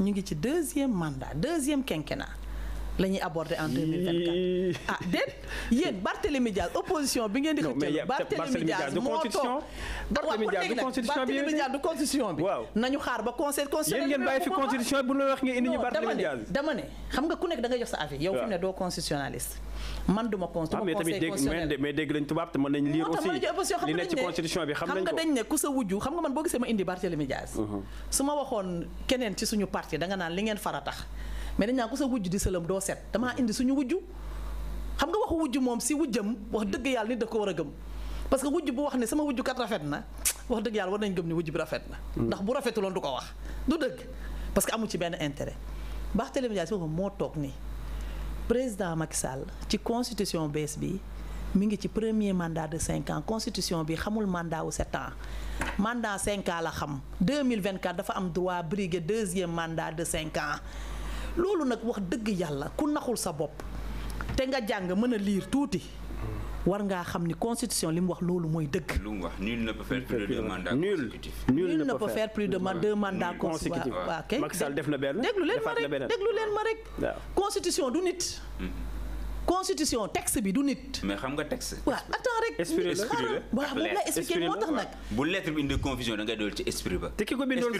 ñu ngi ci deuxième mandat deuxième quinquennat la ñuy aborder en 2024 ah déet yéen Barthélémy Diaz opposition bi ngeen di xëccal Barthélémy Diaz moo toog constitution bi nañu xaar ba conseil constitutionnel constitution bu ñu wax ngeen indi ñu Barthélémy dama ne xam nga ku nekk da jox sa avis yow fi ne doo constitutionnaliste man duma ah, conseil constitutionnel mais dégg lañ tubaab te mën nañ lire aussi bi xam nañ ko xam nga dañ ne ku sa wujju xam nga man boo gisee ma indi Barthélémy uh-huh. su ma waxoon keneen ci suñu parti da nga naan li ngeen faratax mais dañ naa ko sa wujj di sëlëm doo set damaa indi suñu wujj xam nga waxu wujj moom si wujjam wax dëgg yàlla nit da ko war a gëm parce que wujj bu wax ne sama wujj kat rafet na wax dëgg yàlla war nañ gëm ni wujj bi rafet na. Mm. ndax bu rafetuloon du ko wax du dëgg parce que amu ci benn intérêt. Barthélémy Dias si moo toog ni président Macky Sall ci constitution bees bi mi ngi ci premier mandat de cinq ans constitution bi xamul mandat wu sept ans mandat cinq ans la xam 2024 dafa am droit briguer deuxième mandat de cinq loolu nag wax dëgg yàlla ku naxul sa bopp te nga jàng mën a liir tuuti war ngaa xam ni constitution li mu wax loolu mooy dëgg. lu mu wax nul ne plus de deux mandats consécutifs. nul ne peut faire plus de deux mandats consécutifs. waaw kay Macky Sall def na benn. déglu leen ma rek déglu leen ma rek. constitution du nit. Hmm. constitution texte bi du nit. mais xam nga texte. waaw attends rek. esprit la waaw moom la expliqué moo tax nag. bu lettre bi indi confusion da ngay ci esprit ba. ko bindoon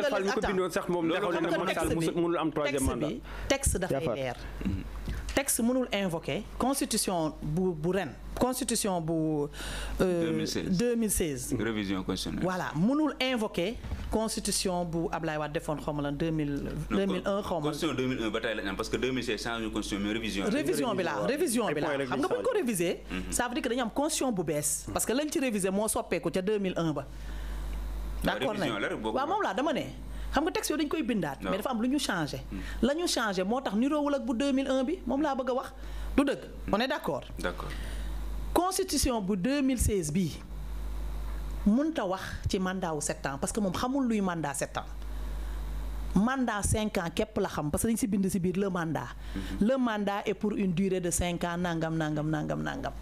esprit sax moom. loolu taxoon na Macky Sall mënul am troisième mandat texte bi texte dafay texte mënul invoqué constitution bu bu ren constitution bu. Euh, 2016 mënul invoqué constitution bu Ablaye Wade defoon xaw ma lan deux mille. deux mille un xaw ma constitution 2001 ba tey la parce que 2016 changé constitution mais révision. révision bi la révision bi la xam nga bu ko réviser. Mhm. ça veut dire que dañu constitution bu bees. parce que lañ ci réviser moo soppeeku ca 2001 ba. d' accord nañ waaw moom laa dama ne. xam nga texte yooyu dañ koy bindaat. mais dafa am lu ñu changé. la ñu changé moo tax niroowul ak bu 2001 bi moom laa bëgg a wax du dëgg. Mm. on est d' accord. d' accord constitution bu 2016 bii mënta wax ci mandat wu 7 parce que moom xamul luy mandat 7 ans. mandat cinq ans képp la xam parce que dañ si bind si biir le mandat. Mm-hmm. le mandat est pour une durée de cinq ans nangam nangam nangam nangam.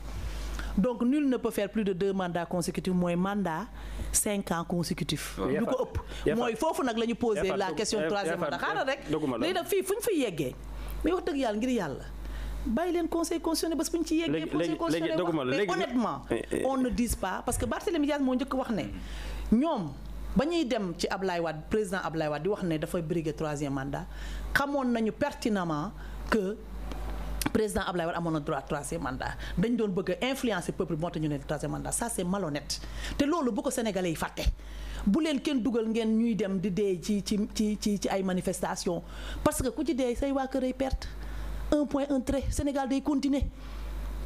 donc nul ne peut faire plus de deux mandats consécutifs mooy mandat cinq ans consécutifs lu ko ëpp mooy foofu nag la ñu posé la question troisième mandat xaaral rek léegi nag fii fu ñu fiy yeggee mais wax dëgg yàlla ngir yàlla bàyyi leen conseil constitutionnel bés bu ñu ci yeggee conseil constitutionnel wax mais honnêtement eh, eh. on ne moo njëkk wax ne ñoom ba ñuy dem ci ab laay Wade président Ablaye Wade di wax ne dafay briguer troisième mandat xamoon nañu pertinemment que président Ablaye Wade amoon na droit troisième mandat dañ doon bëgg a influencer peuple moo tax ñu ne troisième mandat ça c'est malhonnête te loolu bu ko sénégalais yi fàtte bu leen kenn dugal ngeen ñuy dem di dee ci ci ci ci ci ay manifestation parce que ku ci dee say waa kër ay perte un point un trait Sénégal day continuer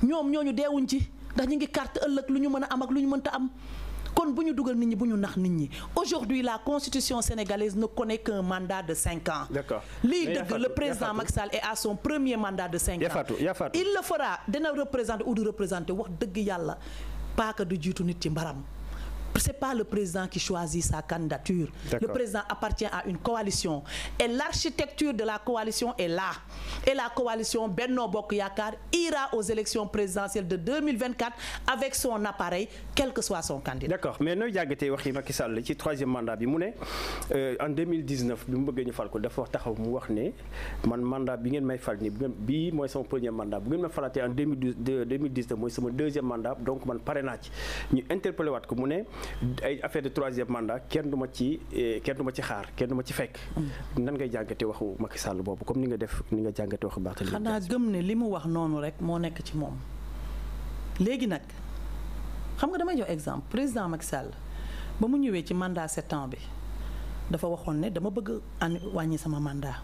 ñoom ñooñu deewuñ ci ndax ñu ngi carte ëllëg lu ñu mën a am ak lu ñu mënta am kon bu ñu dugal nit ñi bu ñu nax nit ñi aujourd'hui la constitution sénégalaise ne connaît qu'un mandat de cinq ans. li lii le président Macky Sall est son premier mandat de cinq ans. il le fera dina représenter ou du représenter wax dëgg yàlla paaka du jiitu nit ci mbaram. c'est pas le président qui choisit sa candidature. Le président appartient à une coalition. Et l'architecture de la coalition est là. Et la coalition Benno Bokk Yakaar ira aux élections présidentielles de 2024 avec son appareil, quel que soit son candidat. D'accord mais nooy jàggatee waxi Macky Sall ci troisième mandat bi mu ne euh, en 2019 bi mu bëggee ñu fal ko dafa taxaw mu wax ne man mandat bi ngeen may fal ni bii mooy sama premier mandat bu ngeen ma falatee sama deuxième mandat donc man pare naa ci ñu interpellé waat ne ay affaire de troisième mandat kenn du ma ci eh, kenn ma ci xaar kenn du ma ci fekk. Mm. nan ngay jàngate waxu Macky Sall boobu comme ni nga def ni nga jàngate waxu Barthélémy xanaa gëm ne li mu wax noonu rek moo nekk ci moom léegi nag xam nga damay jox exemple président Macky Sall ba mu ñëwee ci mandat sept ans bi dafa waxoon ne dama bëgg an wàññi sama mandat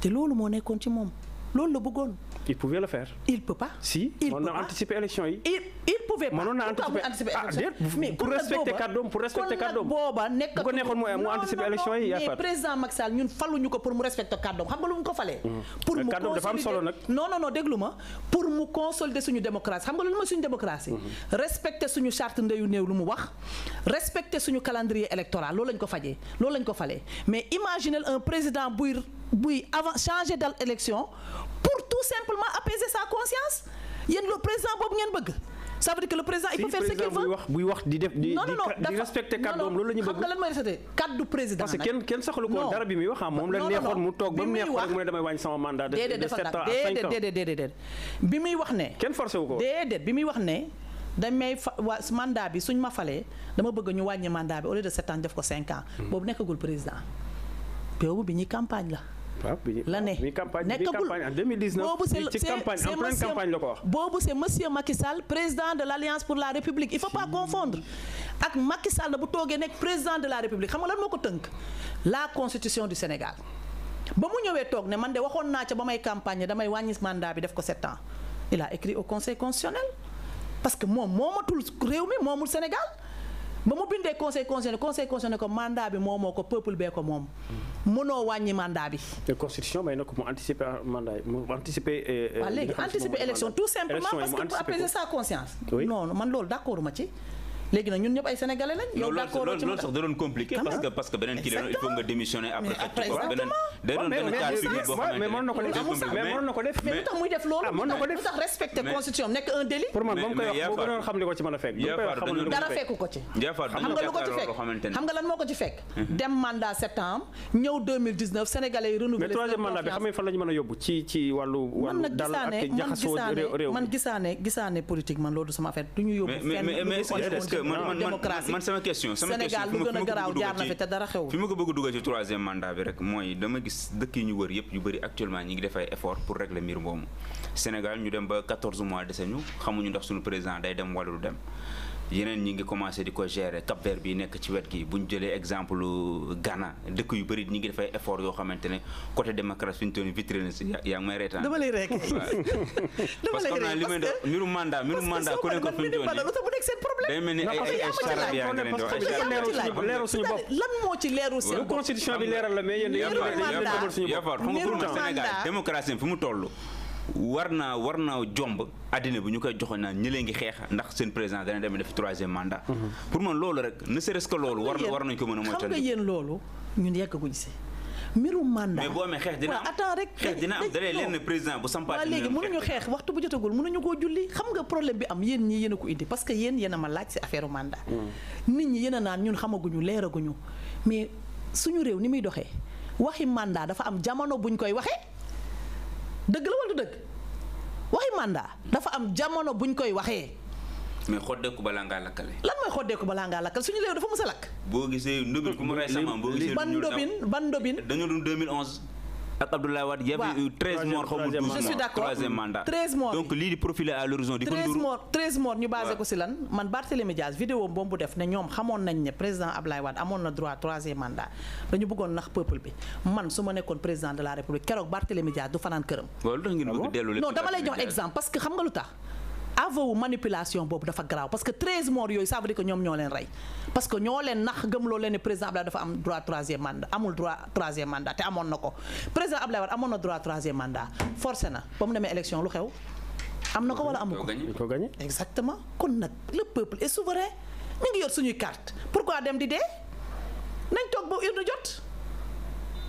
te loolu moo nekkoon ci moom loolu la bëggoon. il pouvait le faire. il peut pas. si il on a anticipé élection yi. il pouvait pas. mënoon na anticiper ah déet pour respecter kàddoom pour respecter kàddoom. ko neexoon mu mu anticiper élection yi yaakaar. pour respecter kàddoom lu mm. pour mu consolider kàddoom ma pour mu consolider suñu démocratie xam nga lu ma suñu démocratie. Mm-hmm. respecter suñu charte ndeyu néew lu mu wax. respecter suñu calendrier électoral loolu lañ ko fajee loolu lañ ko falee mais imaginez un président buy buy avant changer d'élection pour tout simplement apaiser sa conscience yéen le président boobu ngeen bëgg. sa veut que le président il peut faire ce qu'il veut. wax buy wax di def di di respecter la ñu bëgg. xam nga lan mooy président parce que kenn kenn soxla ko dara bi muy wax ah moom la neexoon mu toog ba ne damay wàññi sama mandat wax ne. kenn forcé wu ko déedéet bi muy wax ne damay fa waa mandat bi suñ ma falee dama bëgg ñu wàññi mandat bi au lieu de sept def ko cinq ans. Hmm. boobu nekkagul président boobu bi ñuy campagne la la ne nekkagul boobu c'est c'est monsieur boobu c'est monsieur Macky Sall président de l'alliance pour la république il faut pas confondre ak Macky Sall bu toogee nekk président de la république xam nga lan moo ko tënk la constitution du Sénégal ba mu ñëwee toog ne man de waxoon naa ca ba may campagne damay wàññi mandat bi def ko sept ans il a écrit au conseil constitutionnel parce que moom moomatul réew mi moomul Sénégal. ba mu bindee conseil constitutionnel conseil constitutionnel ko mandat bi moom moo ko peuple bee ko moom. mënoo wàññi mandat bi. te constitution may na ko mu anticiper mandat yi euh, euh, tout simplement parce que après c'est sa conscience. non man loolu d'accord ma ci. léegi nag ñun ñëpp ay sénégalais lañ. yow d'accord ci loolu sax da doon compliqué. parce que parce que beneen kii la il faut nga démissionner après. après exactement day doon benn cas public boo xamante ne mais mën na ko def mais mën na ko def mais lu tax muy def loolu ah, mën na ko def lu tax respecté constitution nekk un délit pour man ba mu koy wax boo gënoon xam li ko ci mën a fekk dara fekku ko ci xam nga lu ko ci fekk xam nga lan moo ko ci fekk mhm. dem mandat sept ans ñëw 2019 sénégalais yi renouvelé mais troisième mandat bi xam nga fan la ñu mën a yóbbu ci ci wàllu wàllu dal ak jaxasoo réew man gisaane gisaane politique man loolu sama affaire du ñu yóbbu fenn démocratie man sama question sama question Sénégal lu gën a garaaw jaar na fi te dara xew fi ma ko bëgg dugal ci troisième mandat bi rek mooy dama gis dëkk yi ñu wër yëpp yu bëri actuellement ñi ngi def ay pour régler mbir moomu Sénégal ñu dem ba mois dese xamuñu ndax suñu président day dem wala dem yeneen ñi ngi commencé di ko gérer Cap Vert bi nekk ci wet gi bu ñu jëlee exemple euh, Ghana dëkk yu bëri ñi ngi def ay yoo xamante ne côté démocratie fi vitrine si yaa ngi may reetaan. dama lay rek dama lay rek parce que li may def mbiru day mel ni ay ay yaa ngi leen di wax leerul suñu bopp lan moo ci leerul seen bopp bi leeral la mais yéen leerul suñu bopp xam nga pour ma Sénégal démocratie fi mu toll war naa war naa jomb àddina bi ñu koy joxoon naan ñi leen ngi xeex ndax seen président dana dem def troisième mandat mhm. pour man loolu rek ne serait-ce que loolu war war nañ ko mën a moytandiku xam nga yéen loolu ñun yeggaguñ si mbiru mandat mais boo amee xeex dina am attends rek xeex dina am dalee lenn président bu sampaat waaw léegi mënuñu xeex waxtu bu jotagul mënuñu koo julli xam nga problème bi am yéen ñi yéen a ko indi parce que yéen yéen a ma laaj si affaire mandat mm. nit ñi yéen a naan ñun xamaguñu leeraguñu mais suñu réew ni muy doxee waxi mandat dafa am jamono buñ koy waxee dëgg la wala dëgg waxi mandat dafa am jamono buñ koy waxee mais xoddeeku balaa ngaa lakkale. lan mooy xoddeeku balaa ngaa lakkale suñu réew dafa mës a lakk. boo gisee ndobin ku ndobin ban ndobin. dañoo doon 2011. à l'horizon di 13 morts 13 ñu basé ko si lan man Barthélémy Diaz vidéo boobu def ne ñoom xamoon nañ ne président Abdoulaye Wade amoon na droit troisième mandat dañu bëggoon nax peuple bi man su ma nekkoon président de la république keroog Barthélémy Diaz du fanaan këram ah non dama lay jox exemple parce que aveu manipulation boobu dafa garaaw parce que 13 morts yooyu ça veut dire que ñoom ñoo leen rey parce que ñoo leen nax gëmloo leen ne président Abdoulaye dafa am droit troisième mandat amul droit troisième mandat te amoon na ko président Abdoulaye Wade amoon na droit troisième mandat forcé na ba mu demee élection lu xew am na ko wala amu ko exactement kon nag le peuple est souverain ñu ngi yor suñuy carte pourquoi dem di dee nañ toog ba urne jot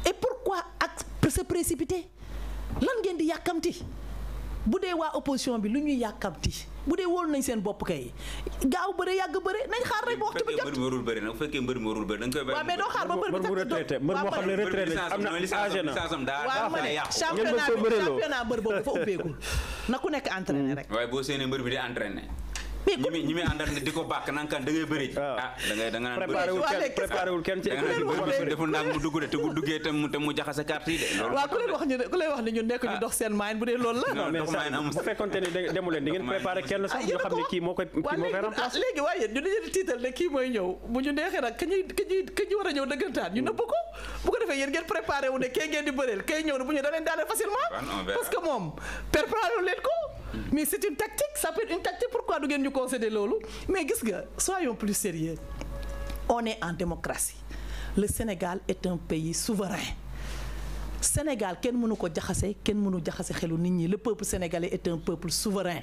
et pourquoi ak se précipiter lan ngeen di yàkkamti bu dee waa opposition bi lu ñuy yàkkamti bu dee wóolu nañ seen bopp kay gaaw bëre yàgg bëre nañ xaar rek ba waxtu ba jot bu fekkee mbër bu fekkee mbër mais doo xaar ba mbër mi mbër mu retraité mbër moo xam ne retraité am na âgé na waaw man championnat boobu fa ubbeekul na ku nekk entraîné rek waaye boo seenee mbër bi di entraîné mais ñi muy àndal di ko bàkk naan kan da bëri. ah, ah da kenn préparé wul kenn deful nag mu dugg de te bu duggee te mu jaxase carte de. waaw ku leen wax ñu ñu nekk ñu dox seen maayin bu dee loolu la. non mais sax bu fekkoon te ah, ah, ne ñu war a ñëw dëggantaan ñu mm. nëbb ko bu ko defee yéen ngeen préparé ne kee ngeen di bëreel kay ñëw ne bu ñu da leen facilement parce que moom préparé ko mais c'est une tactique ça peut être une tactique pourquoi du ngeen ñu concéder loolu mais gis nga soyons plus sérieux on en démocratie le Sénégal est un pays souverain Sénégal kenn mënu ko jaxase kenn mënu jaxase xelu nit ñi le peuple sénégalais est un peuple souverain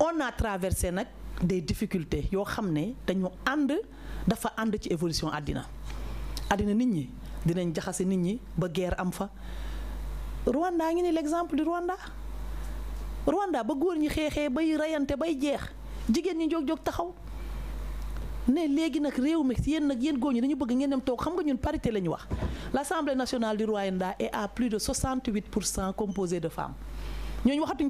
on a traversé nag des difficultés yoo xam ne dañu ànd dafa ànd ci évolution àddina àddina nit ñi dinañ jaxase nit ñi ba guerre am fa Rwanda ngi ni l'exemple du Rwanda Rwanda ba góor ñi xeexee bay reyante bay jeex jigéen ñi jóg jóg taxaw ne léegi nag réew mi yéen nag yéen góor ñi dañu bëgg ngeen dem toog xam nga ñun parité la ñu wax l'Assemblée nationale du Rwanda est à plus de 68 pour cent composée de femmes ñooñu waxatuñ